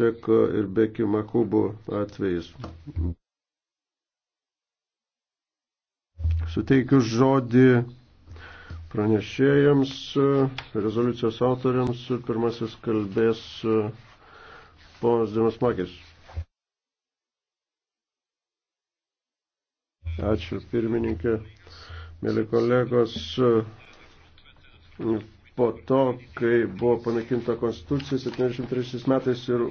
Čeko ir Beki Makubo atvejais. Suteikiu žodį pranešėjams, rezoliucijos autoriams. Pirmasis kalbės ponas Dienas Makis. Ačiū pirmininkė, mėly kolegos po to, kai buvo panaikinta konstitucija 73 metais ir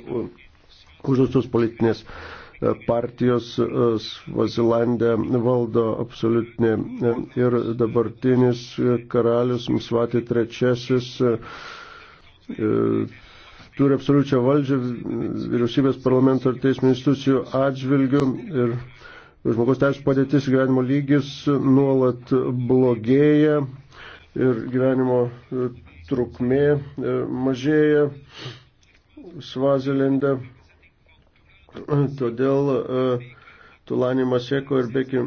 uždraustos politinės e, partijos e, Svazilandė valdo absoliutinė e, ir dabartinis karalius Msvati III turi absoliučią valdžią vyriausybės parlamento ir teismų institucijų atžvilgių ir žmogaus teisų padėtis gyvenimo lygis nuolat blogėja ir gyvenimo e, trukmė e, mažėja Svazelende. Todėl e, Tulani Maseko ir Beki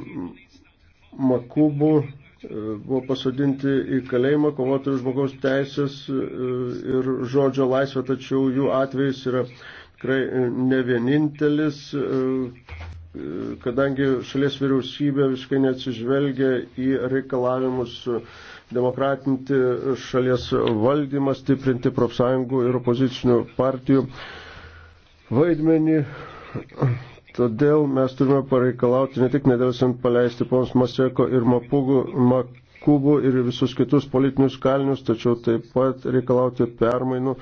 Makubu buvo pasodinti į kalėjimą, kovoti už žmogaus teisės ir žodžio laisvę, tačiau jų atvejs yra tikrai ne vienintelis, kadangi šalies vyriausybė visiškai neatsižvelgia į reikalavimus demokratinti šalies valdymą, stiprinti profsąjungų ir opozicinių partijų vaidmenį. Todėl mes turime pareikalauti ne tik nedėlsant paleisti pons Maseko ir Mapugų, Makubų ir visus kitus politinius kalinius, tačiau taip pat reikalauti permainų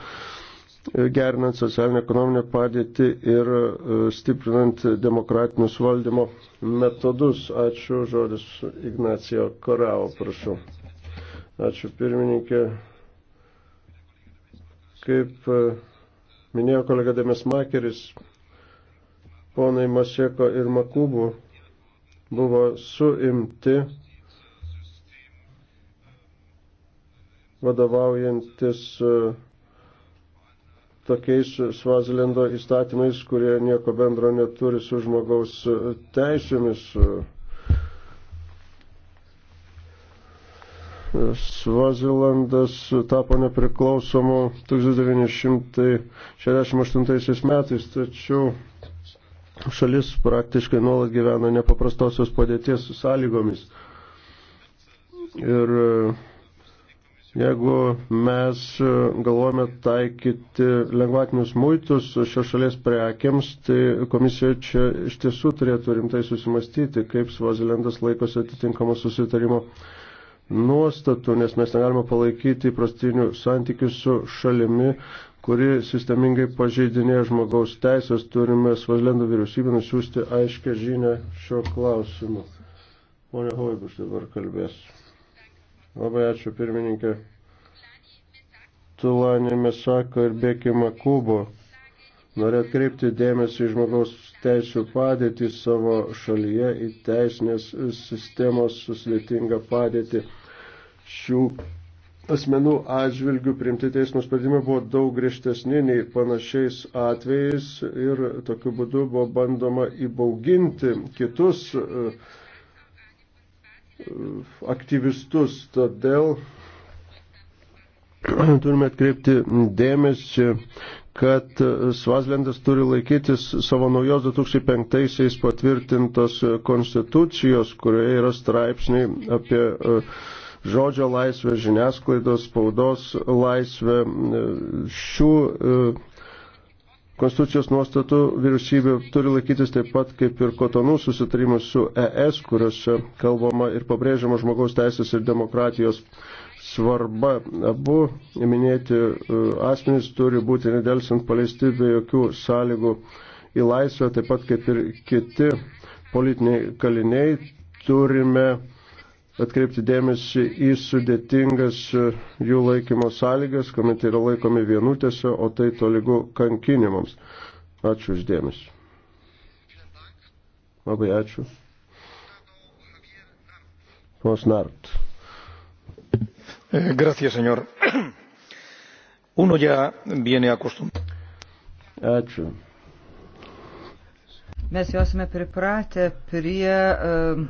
gerinant socialinę ekonominę padėtį ir e, stiprinant demokratinius valdymo metodus. Ačiū, žodis Ignacijo Korao, prašau. Ačiū pirmininkė. Kaip e, minėjo kolega Demes Makeris, ponai Maseko ir Makubų buvo suimti vadovaujantis e, tokiais Svazilendo įstatymais, kurie nieko bendro neturi su žmogaus e, teisėmis. Svazilandas tapo nepriklausomu 1968 metais, tačiau šalis praktiškai nuolat gyvena nepaprastosios padėties sąlygomis. Ir e, jeigu mes e, galvojame taikyti lengvatinius muitus šios šalies prekiams, tai komisija čia iš tiesų turėtų rimtai susimastyti, kaip Svazilendas laikosi atitinkamo susitarimo nuostatų, nes mes negalime palaikyti įprastinių santykių su šalimi, kuri sistemingai pažeidinėja žmogaus teisės. Turime Svazlendo vyriausybę nusiųsti aiškę žinę šio klausimu. Pone Hoibus dabar kalbės. Labai ačiū pirmininkė. Tulanė Mesako ir Bekima Kubo. Noriu atkreipti dėmesį į žmogaus teisų padėtį savo šalyje, į teisinės sistemos suslėtingą padėtį šių asmenų atžvilgių priimti teismo sprendimai buvo daug griežtesni nei panašiais atvejais ir tokiu būdu buvo bandoma įbauginti kitus e, aktyvistus. Todėl turime atkreipti dėmesį kad Svazlendas turi laikytis savo naujos 2005-aisiais patvirtintos konstitucijos, kurioje yra straipsniai apie uh, žodžio laisvę, žiniasklaidos, spaudos laisvę. Šių e, Konstitucijos nuostatų vyriausybė turi laikytis taip pat kaip ir kotonų susitarimų su ES, kuriuose kalbama ir pabrėžiama žmogaus teisės ir demokratijos svarba. Abu minėti e, asmenys turi būti nedelsant paleisti be jokių sąlygų į laisvę, taip pat kaip ir kiti politiniai kaliniai turime atkreipti dėmesį į sudėtingas jų laikymo sąlygas, kuomet yra laikomi vienutėse, o tai tolygu kankinimams. Ačiū uždėmesi. Labai ačiū. Posnart. Gracias, señor. Uno ya viene acostumbrado. Ačiū. Mes jau esame pripratę prie uh,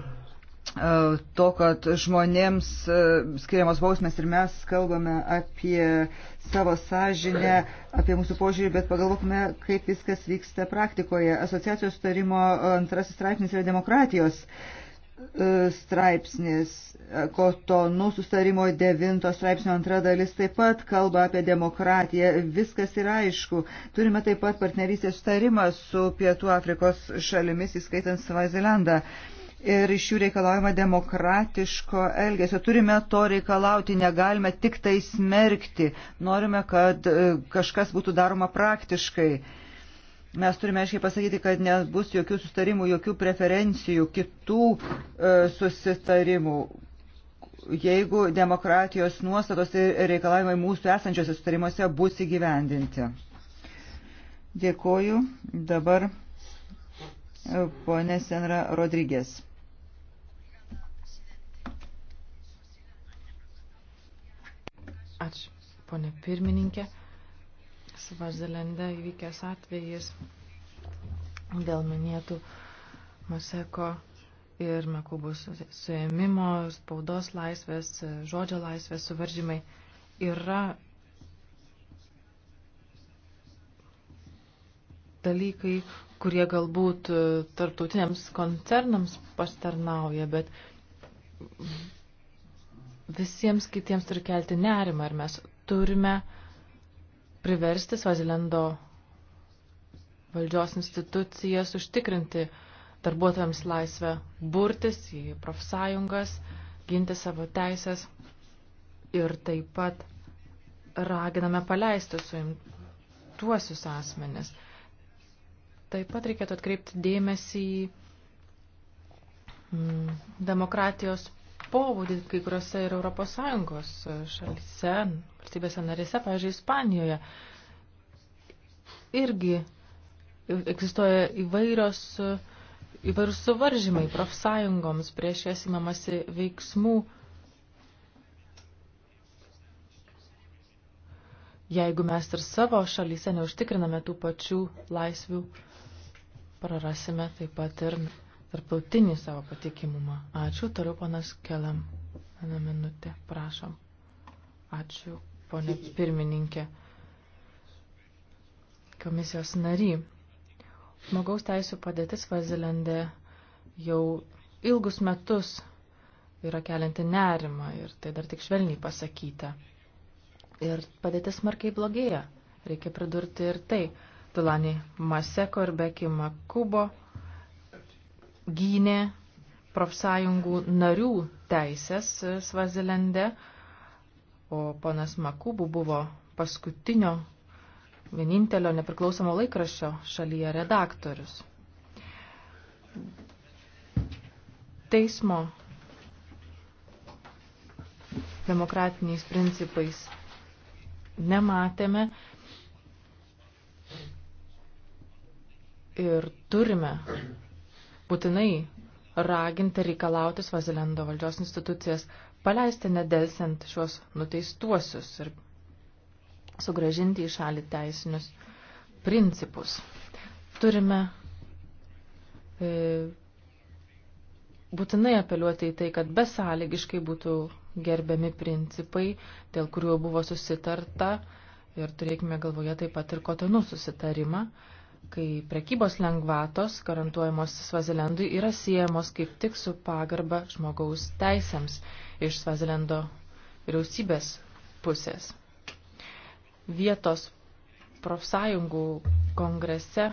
to, kad žmonėms e, skiriamos bausmės ir mes kalbame apie savo sąžinę, apie mūsų požiūrį, bet pagalvokime, kaip viskas vyksta praktikoje. Asociacijos tarimo antrasis straipsnis yra demokratijos e, straipsnis, kotonų sustarimo devinto straipsnio antra dalis taip pat kalba apie demokratiją. Viskas yra aišku. Turime taip pat partnerystės sustarimą su Pietų Afrikos šalimis, įskaitant Svazilendą. Uh, ir iš jų reikalaujama demokratiško elgesio. Turime to reikalauti, negalime tik tai smerkti. Norime, kad e, kažkas būtų daroma praktiškai. Mes turime aiškiai pasakyti, kad nebus jokių sustarimų, jokių preferencijų, kitų e, susitarimų. Jeigu demokratijos nuostatos ir reikalavimai mūsų esančiose sustarimuose bus įgyvendinti. Dėkoju. Dabar e, Pone Senra Rodrygės. Ačiū, ponė pirmininkė. Svazelende įvykęs atvejis dėl minėtų Maseko ir Mekubus suėmimo, spaudos laisvės, žodžio laisvės suvaržymai yra dalykai, kurie galbūt tarptautiniams koncernams pastarnauja, bet visiems kitiems turi kelti nerimą ir mes turime priversti Svazilendo valdžios institucijas užtikrinti darbuotojams laisvę burtis į profsąjungas, ginti savo teisės ir taip pat raginame paleisti suimtuosius asmenis. Taip pat reikėtų atkreipti dėmesį į mm, demokratijos pobūdį kai kuriuose ir ES e, šalise, valstybėse narėse, pavyzdžiui, Ispanijoje. Irgi egzistuoja įvairios, e, įvairūs suvaržymai profsąjungoms prieš jas įmamasi veiksmų. Jeigu mes ir savo šalyse neužtikriname tų pačių laisvių, prarasime taip pat ir tarptautinį savo patikimumą. Ačiū, toliau panas Kelam. Vieną minutę, prašom. Ačiū, ponė pirmininkė. Komisijos nary. Žmogaus teisų padėtis Vazilende jau ilgus metus yra kelianti nerimą ir tai dar tik švelniai pasakyta. Ir padėtis smarkiai blogėja. Reikia pridurti ir tai. Tulani Maseko ir Bekima Kubo gynė profsąjungų narių teisės Svazilende, o ponas Makubu buvo paskutinio vienintelio nepriklausomo laikraščio šalyje redaktorius. Teismo demokratiniais principais nematėme ir turime būtinai raginti reikalauti Svazilendo valdžios institucijas paleisti nedelsiant šios nuteistuosius ir sugražinti į šalį teisinius principus. Turime e, būtinai apeliuoti į tai, kad besąlygiškai būtų gerbiami principai, dėl kurių buvo susitarta ir turėkime galvoje taip pat ir kotonų susitarimą. E, kai prekybos lengvatos garantuojamos Svazilendui yra siejamos kaip tik su pagarba žmogaus teisėms iš Svazilendo vyriausybės pusės. Vietos profsąjungų kongrese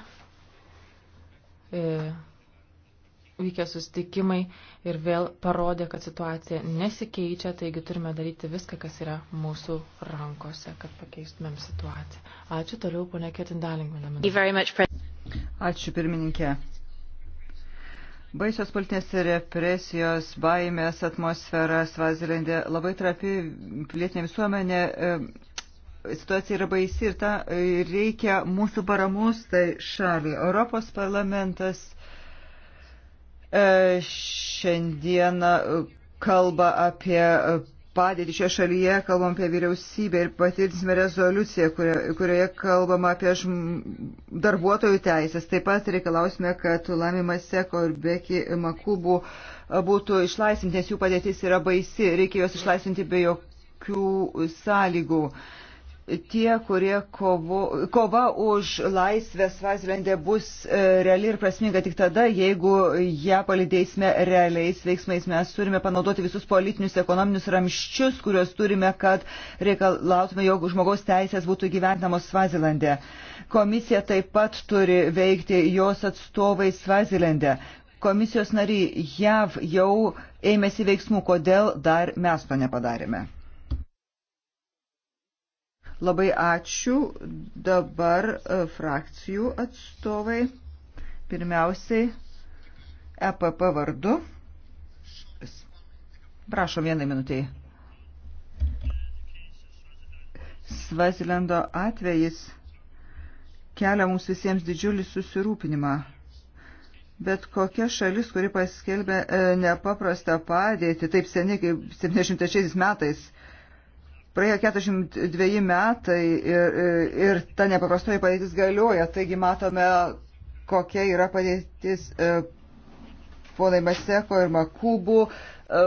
e, vykę sustikimai ir vėl parodė, kad situacija nesikeičia, taigi turime daryti viską, kas yra mūsų rankose, kad pakeistumėm situaciją. Ačiū toliau, ponė Ketin Daling. Ačiū pirmininkė. Baisios politinės represijos, baimės, atmosfera Svazilendė labai trapi pilietinė visuomenė. E, situacija yra baisi ir ta e, reikia mūsų paramos tai šaliai. Europos parlamentas e, šiandieną kalba apie padėtį šioje šalyje, kalbam apie vyriausybę ir patvirtinsime rezoliuciją, kurioje, kurioje kalbama apie žm... darbuotojų teisės. Taip pat reikalausime, kad Lami Maseko ir Beki Makubų būtų išlaisvinti, nes jų padėtis yra baisi, reikia juos išlaisvinti be jokių sąlygų. Uh, tie, kurie kovo, kova už laisvę Svazilendė bus e, reali ir prasminga tik tada, jeigu ją palidėsime realiais veiksmais. Mes turime panaudoti visus politinius, ekonominius ramščius, kuriuos turime, kad reikalautume, jog žmogaus teisės būtų gyventamos Svazilendė. Komisija taip pat turi veikti jos atstovai Svazilendė. Komisijos nariai JAV jau ėmėsi veiksmų, kodėl dar mes to nepadarėme. Labai ačiū dabar e, frakcijų atstovai. Pirmiausiai EPP vardu. Prašom vienai minutėjai. Svazilendo atvejis kelia mums visiems didžiulį susirūpinimą. Bet kokia šalis, kuri paskelbė e, nepaprastą padėtį, taip seniai kaip 73 metais, Praėjo 42 metai ir, ir ta nepaprastoji padėtis galioja, taigi matome, kokia yra padėtis e, ponai Maseko ir Makubų, e,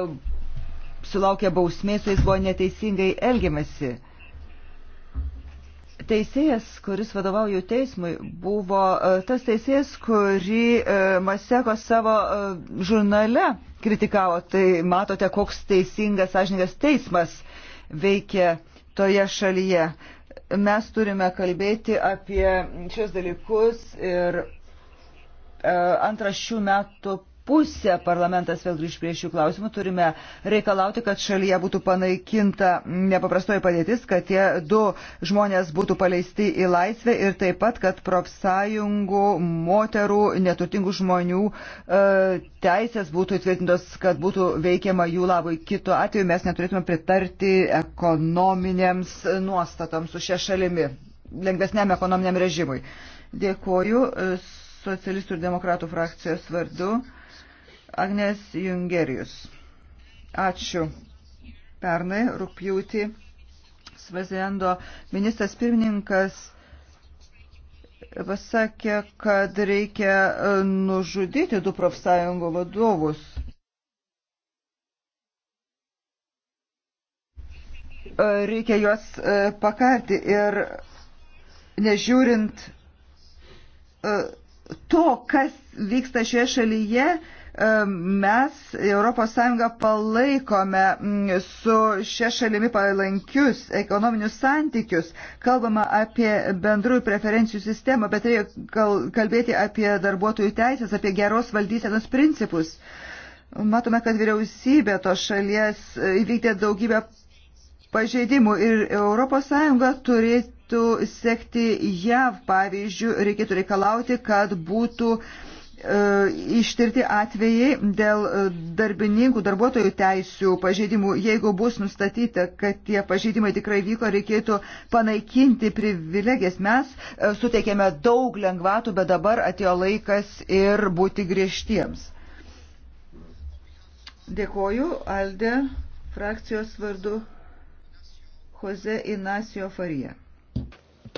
sulaukė bausmės, jais buvo neteisingai elgiamasi. Teisėjas, kuris vadovauja teismui, buvo e, tas teisėjas, kurį Maseko savo žurnale kritikavo. Tai matote, koks teisingas, sąžininkas teismas veikia toje šalyje. Mes turime kalbėti apie šios dalykus ir e, antrą šių metų pusę parlamentas vėl grįž prie šių klausimų. Turime reikalauti, kad šalyje būtų panaikinta nepaprastoji padėtis, kad tie du žmonės būtų paleisti į laisvę ir taip pat, kad profsąjungų, moterų, neturtingų žmonių e, teisės būtų įtvirtintos, kad būtų veikiama jų labui. Kitu atveju mes neturėtume pritarti ekonominėms nuostatoms su šia šalimi, lengvesniam ekonominiam režimui. Dėkuoju e, socialistų ir demokratų frakcijos vardu. Agnes Jungerius. Ačiū. Pernai rūpjūtį Svazendo ministras pirmininkas pasakė, kad reikia e, nužudyti du profsąjungų vadovus. E, reikia juos e, pakarti ir nežiūrint to, kas vyksta šioje šalyje, mes ES palaikome su šia šalimi palankius ekonominius santykius, kalbama apie bendrųjų preferencijų sistemą, bet reikia kalbėti apie darbuotojų teisės, apie geros valdysenos principus. Matome, kad vyriausybė to šalies e, įvykdė daugybę pažeidimų ir ES turėtų sekti JAV pavyzdžių, reikėtų reikalauti, kad būtų uh, E, ištirti atvejai dėl e, darbininkų, darbuotojų teisių pažeidimų. Jeigu bus nustatyta, kad tie pažeidimai tikrai vyko, reikėtų panaikinti privilegijas. Mes e, suteikėme daug lengvatų, bet dabar atėjo laikas ir būti griežtiems. Dėkoju, Alde, frakcijos vardu Jose Inacio Farija.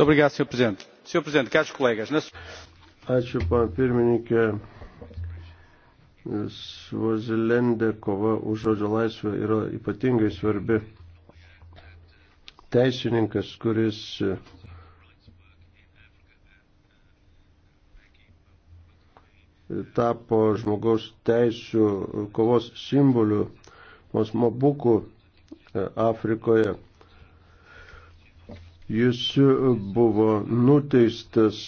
Obrigado, Sr. Presidente. Sr. Presidente, caros colegas, na... Ačiū, pana pirmininkė. Svazilendė kova už žodžio laisvę yra ypatingai svarbi. Teisininkas, kuris tapo žmogaus teisų kovos simboliu Mosmobuku e, Afrikoje Jis buvo nuteistas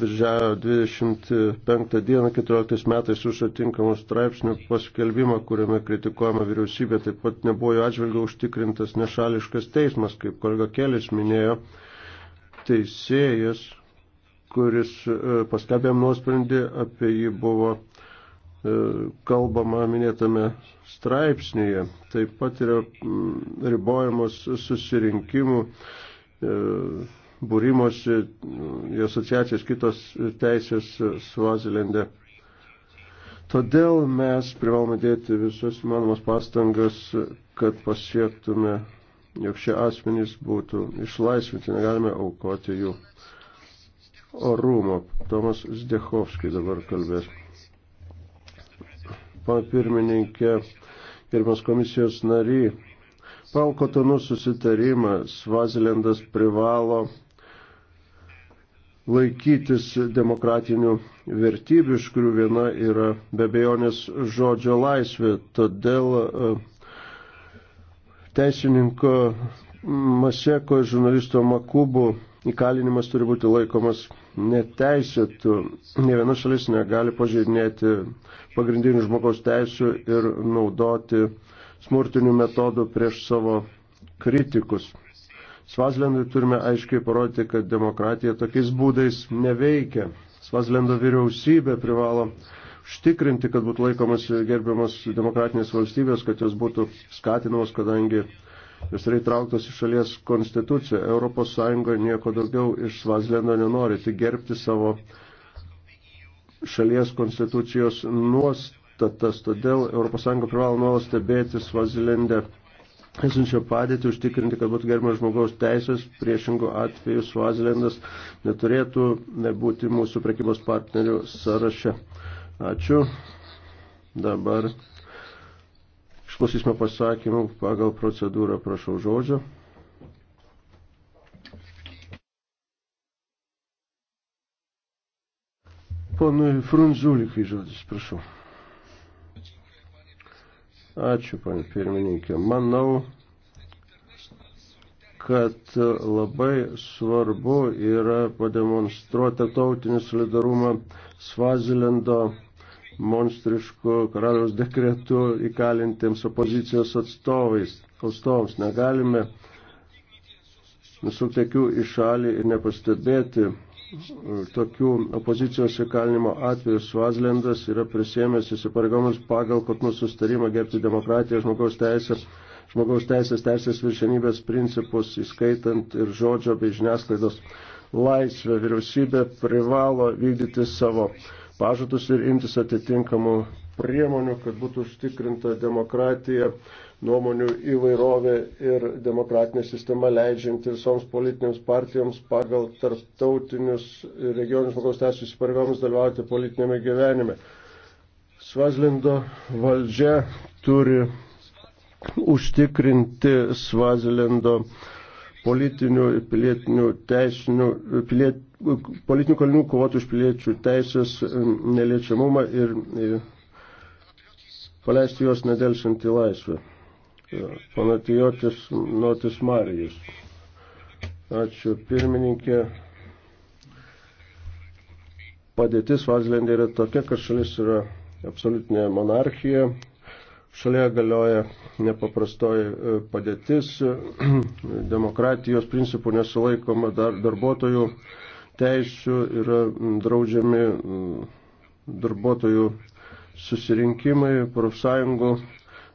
birželio 25 dieną 14 metais už atinkamus straipsnių paskelbimą, kuriame kritikuojama vyriausybė, taip pat nebuvo jo atžvilgiu užtikrintas nešališkas teismas, kaip kolega Kelis minėjo, teisėjas, kuris e, paskelbė nuosprendį, apie jį buvo e, kalbama minėtame straipsnėje. Taip pat yra ribojamos susirinkimų E, būrimosi į asociacijas kitos teisės Svazilende. Todėl mes privalome dėti visas įmanomas pastangas, kad pasiektume, jog šie asmenys būtų išlaisvinti, negalime aukoti jų orumo. Tomas Zdechovskis dabar kalbės. Pana pirmininkė, gerbiamas komisijos nariai, Palkotonų susitarimą Svazilendas privalo laikytis demokratinių vertybių, iš kurių viena yra be bejonės žodžio laisvė. Todėl e, teisininko Maseko ir žurnalisto Makubų įkalinimas turi būti laikomas neteisėtų. Ne viena šalis negali pažeidinėti pagrindinių žmogaus teisų ir naudoti uh, smurtinių metodų prieš savo kritikus. Svazlendui turime aiškiai parodyti, kad demokratija tokiais būdais neveikia. Svazlendo vyriausybė privalo užtikrinti, kad būtų laikomas gerbiamas demokratinės valstybės, kad jos būtų skatinamos, kadangi jis yra įtrauktas į šalies konstituciją. Europos Sąjunga nieko daugiau iš Svazlendo nenori, tik gerbti savo šalies konstitucijos nuostatą nuostatas. Todėl ES privalo nuolat stebėti Svazilende esančio padėtį, užtikrinti, kad būtų gerbiamas žmogaus teisės, priešingų atveju Svazilendas neturėtų būti mūsų prekybos partnerių sąraše. Ačiū. Dabar išklausysime pasakymų pagal procedūrą, prašau žodžio. Ponui Frunzulikai žodis, prašau. Ačiū, pan pirmininkė. Manau, kad labai svarbu yra pademonstruoti tautinį solidarumą Svazilendo monstriškų karaliaus dekretų įkalintiems opozicijos atstovais. Atstovams negalime nusukti akių į šalį ir nepastebėti tokių opozicijos įkalinimo atvejų Svazlendas yra prisėmęs įsipareigomus pagal kokių sustarimą gerbti demokratiją, žmogaus teisės, žmogaus teisės, teisės viršenybės principus, įskaitant ir žodžio bei žiniasklaidos laisvę. Vyriausybė privalo vykdyti savo pažadus ir imtis atitinkamų priemonių, kad būtų užtikrinta demokratija nuomonių įvairovė ir demokratinė sistema leidžianti visoms politinėms partijoms pagal tarptautinius regioninius žmogaus teisų įsipareigojimus dalyvauti politinėme gyvenime. Svazlindo valdžia turi užtikrinti Svazilendo politinių ir pilietinių teisinių, piliet, politinių kalinių kovotų už piliečių teisės neliečiamumą ir, ir e, paleisti juos nedelsiant į laisvę. Panatijotis Notis Marijus. Ačiū pirmininkė. Padėtis Vazlendė yra tokia, kad šalis yra absoliutinė monarchija. Šalia galioja nepaprastoji e, padėtis, demokratijos principų nesilaikoma dar, darbuotojų teisių, yra draudžiami darbuotojų susirinkimai, profsąjungų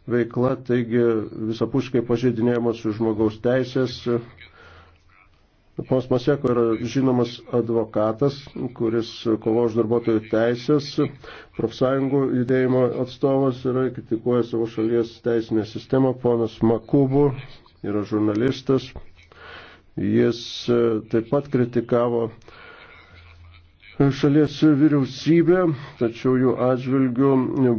veikla, taigi visapuškai pažeidinėjamos žmogaus teisės. Pons Maseko yra žinomas advokatas, kuris kovo už darbuotojų teisės, profsąjungų judėjimo atstovas yra, kritikuoja savo šalies teisinę sistemą. Ponas Makubu yra žurnalistas. Jis taip pat kritikavo uh, šalies vyriausybė, tačiau jų atžvilgių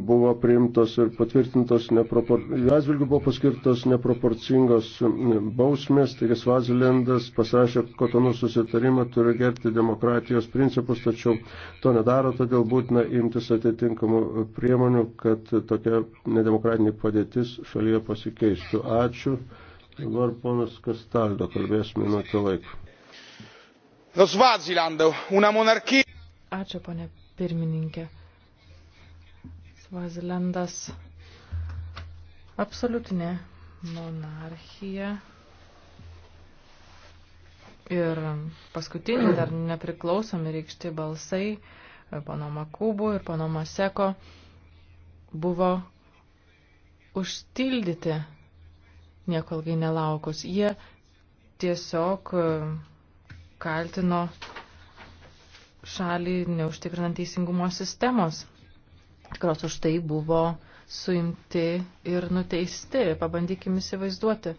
buvo priimtos ir patvirtintos, nepropor... jų atžvilgių buvo paskirtos neproporcingos bausmės, taigi Svazilendas pasirašė kotonų susitarimą, turi gerti demokratijos principus, tačiau to nedaro, todėl būtina imtis atitinkamų priemonių, kad tokia nedemokratinė padėtis šalyje pasikeistų. Ačiū. Dabar ponas Kastaldo kalbės minutę laiko. Lo Swaziland, una monarchia Ačiū, ponė pirmininkė. Svazilendas absoliutinė monarchija. Ir paskutiniai dar nepriklausomi reikšti balsai pono Makūbų ir pono Maseko buvo užtildyti nieko ilgai nelaukus. Jie tiesiog kaltino šalį neužtikrinant teisingumo sistemos, kurios už tai buvo suimti ir nuteisti. Pabandykime įsivaizduoti.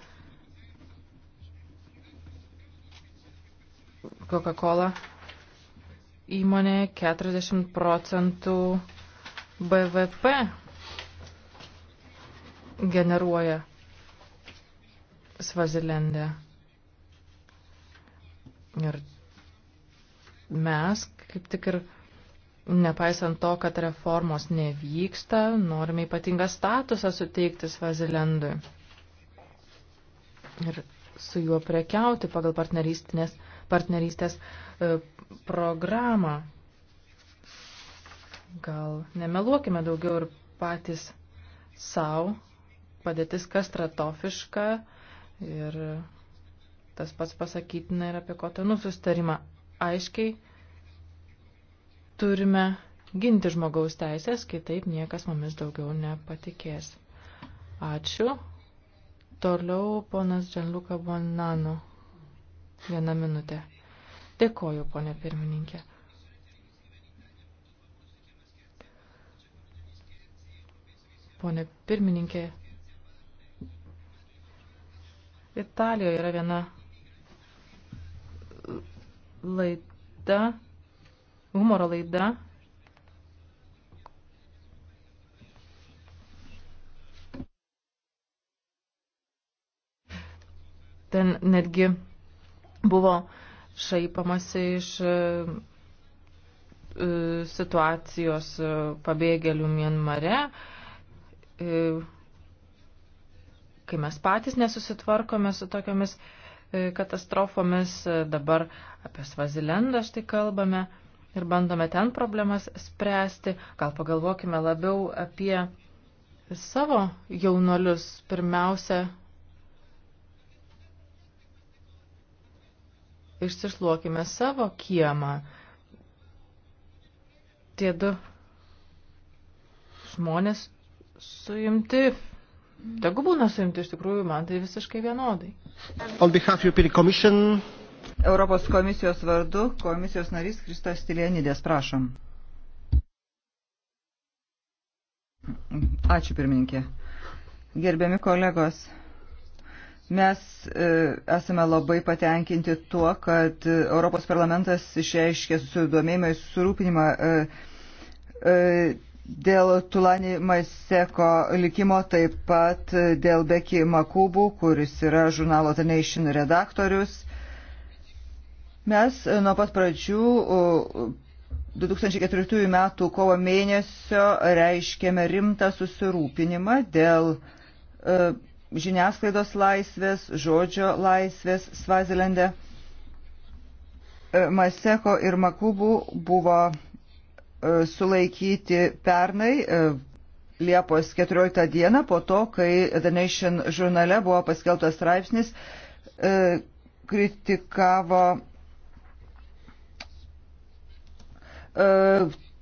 Coca-Cola įmonė 40 procentų BVP generuoja Svazilende. Ir mes kaip tik ir nepaisant to, kad reformos nevyksta, norime ypatingą statusą suteikti Svazilendui ir su juo prekiauti pagal partnerystės, partnerystės e, programą. Gal nemeluokime daugiau ir patys savo, padėtis kastratofiška ir tas pats pasakytina ir apie kotonų sustarimą aiškiai turime ginti žmogaus teisės, kitaip niekas mumis daugiau nepatikės. Ačiū. Toliau ponas Džanluka Bonano. Vieną minutę. Dėkoju, ponė pirmininkė. Pone pirmininkė, Italijoje yra viena laida, humoro laida. Ten netgi buvo šaipamasi iš e, e, situacijos e, pabėgėlių Mienmare, kai mes patys nesusitvarkome su tokiamis E, katastrofomis, e, dabar apie Svazilendą štai kalbame ir bandome ten problemas spręsti. Gal pagalvokime labiau apie savo jaunolius pirmiausia. Išsišluokime savo kiemą. Tie du žmonės suimti Tegu būna suimti, iš tikrųjų, man tai visiškai vienodai. Europos komisijos vardu komisijos narys Kristas Stilienidės, prašom. Ačiū pirmininkė. Gerbiami kolegos, mes e, esame labai patenkinti tuo, kad Europos parlamentas išreiškė susidomėjimą ir surūpinimą e, e, Dėl Tulani Maseko likimo taip pat dėl Beki Makubų, kuris yra žurnalo The Nation redaktorius. Mes nuo pat pradžių 2004 m. kovo mėnesio reiškėme rimtą susirūpinimą dėl e, žiniasklaidos laisvės, žodžio laisvės Svazilende. E, Maseko ir Makubų buvo E, sulaikyti pernai e, Liepos 14 dieną po to, kai The Nation žurnale buvo paskelbtas straipsnis, e, kritikavo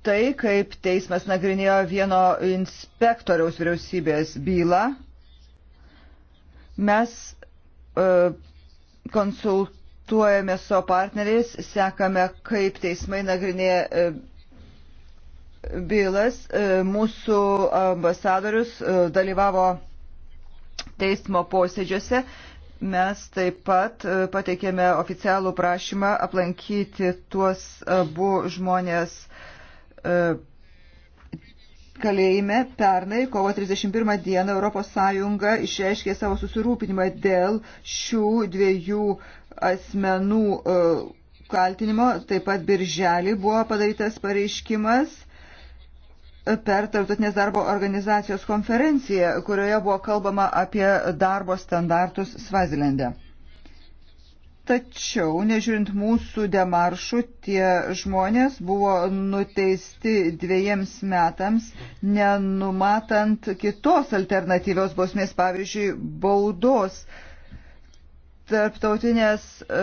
tai, kaip teismas nagrinėjo vieno inspektoriaus vyriausybės bylą. Mes konsultuojame su partneriais, sekame, kaip teismai nagrinėja bylas. E, mūsų ambasadorius e, dalyvavo teismo posėdžiuose. Mes taip pat e, pateikėme oficialų prašymą aplankyti tuos abu žmonės kalėjime pernai, kovo 31 dieną, ES išreiškė savo susirūpinimą dėl šių dviejų asmenų kaltinimo. Taip pat birželį buvo padarytas pareiškimas per Tartutinės darbo organizacijos konferenciją, kurioje buvo kalbama apie darbo standartus Svazilende. Tačiau, nežiūrint mūsų demaršų, tie žmonės buvo nuteisti dviejiems metams, nenumatant kitos alternatyvios bausmės, pavyzdžiui, baudos. Uh, Tarptautinės e,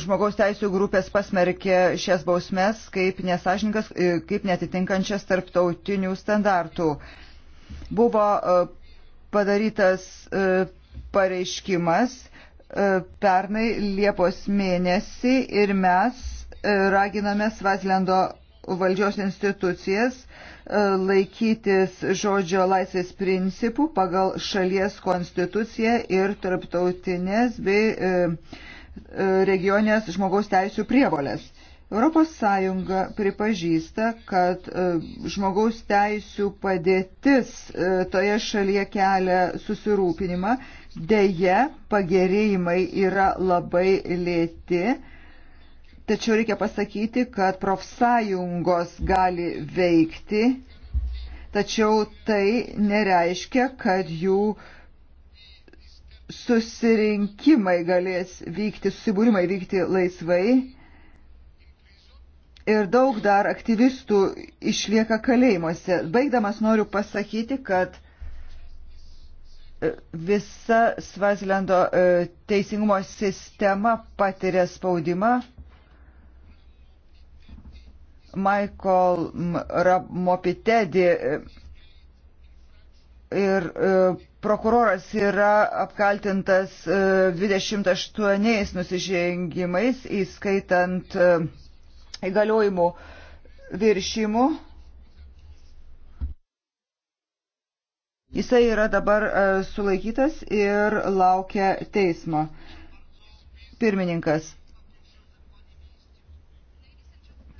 žmogaus teisų grupės pasmerkė šias bausmes kaip nesažininkas, e, kaip netitinkančias tarptautinių standartų. Buvo e, padarytas e, pareiškimas e, pernai Liepos mėnesį ir mes e, raginame Svazlendo valdžios institucijas e, laikytis žodžio laisvės principų pagal šalies konstituciją ir tarptautinės bei e, e, regionės žmogaus teisų prievolės. Europos Sąjunga pripažįsta, kad žmogaus teisų padėtis toje šalyje kelia susirūpinimą, dėje pagerėjimai yra labai lėti Tačiau reikia pasakyti, kad profsąjungos gali veikti, tačiau tai nereiškia, kad jų susirinkimai galės vykti, susibūrimai vykti laisvai. Ir daug dar aktyvistų išlieka kalėjimuose. Baigdamas noriu pasakyti, kad e, visa Svazilendo e, teisingumo sistema patiria spaudimą Michael Mopitedi e, ir e, prokuroras yra apkaltintas 28 e, nusižengimais, įskaitant įgaliojimų viršimų. Jisai yra dabar sulaikytas ir laukia teismo. Pirmininkas.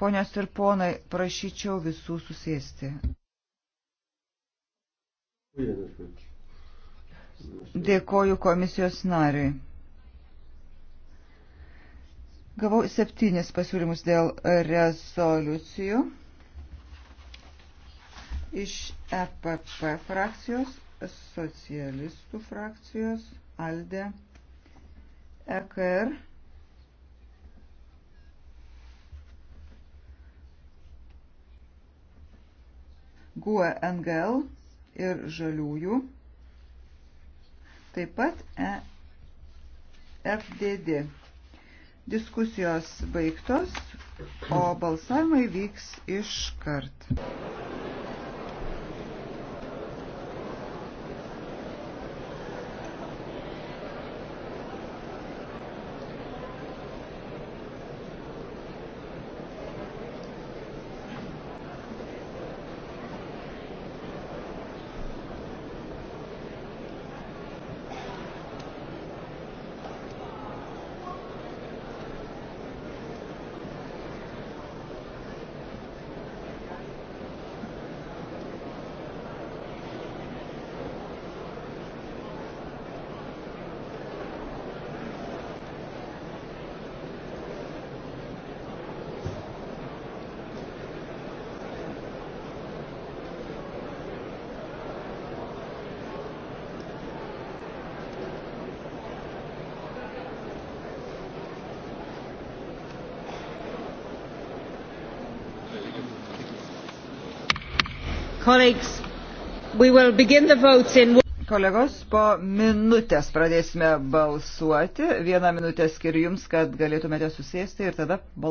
Ponios ir ponai, prašyčiau visų susėsti. Dėkoju komisijos nariui. Gavau septynis pasiūlymus dėl rezoliucijų iš EPP frakcijos, socialistų frakcijos, ALDE, EKR. GUE NGL ir žaliųjų, taip pat e, FDD. Diskusijos baigtos, o balsavimai vyks iš kart. Kolegos, po minutės pradėsime balsuoti. Vieną minutę skiriu jums, kad galėtumėte susėsti ir tada balsuoti.